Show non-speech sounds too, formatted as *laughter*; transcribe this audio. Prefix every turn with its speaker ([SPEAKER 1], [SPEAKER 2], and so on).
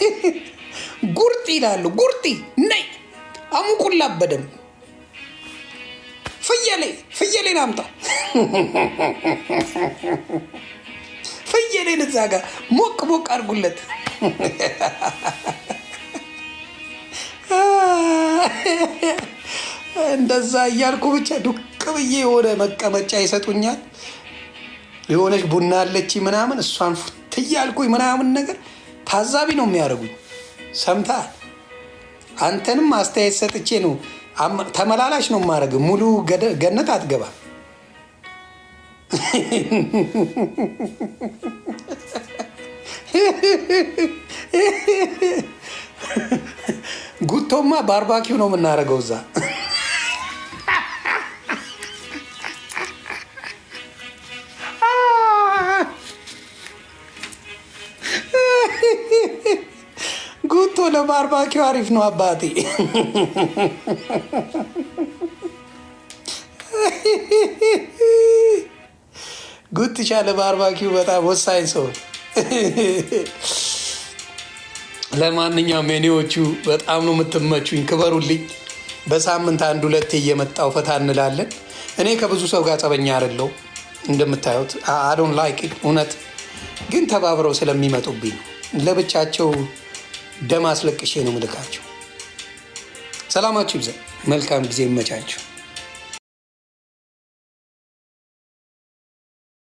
[SPEAKER 1] *laughs* ጉርጢ ይላሉ። ጉርጢ ነይ አሙቁላ አበደም ፍየሌ ፍየሌን ናምጣ *laughs* ፍየሌን እዛ ጋር ሞቅ ሞቅ አድርጉለት። *laughs* እንደዛ እያልኩ ብቻ ዱቅ ብዬ የሆነ መቀመጫ ይሰጡኛል። የሆነች ቡና አለች ምናምን እሷን ፉት እያልኩኝ ምናምን ነገር ታዛቢ ነው የሚያደርጉኝ። ሰምታ አንተንም አስተያየት ሰጥቼ ነው ተመላላሽ ነው ማድረግ። ሙሉ ገነት አትገባ። ጉቶማ ባርባኪው ነው የምናደርገው እዛ ጉቶ ለባርባኪው አሪፍ ነው አባቴ። ጉትቻ ለባርባኪው በጣም ወሳኝ ሰው። ለማንኛውም ሜኔዎቹ በጣም ነው የምትመቹኝ። ክበሩልኝ። በሳምንት አንድ ሁለት እየመጣው ፈታ እንላለን። እኔ ከብዙ ሰው ጋር ጸበኛ አይደለው እንደምታዩት። አዶን ላይክ እውነት ግን ተባብረው ስለሚመጡብኝ ነው። ለብቻቸው ደም አስለቅሼ ነው ምልካቸው። ሰላማችሁ ይብዛ። መልካም ጊዜ ይመቻችሁ።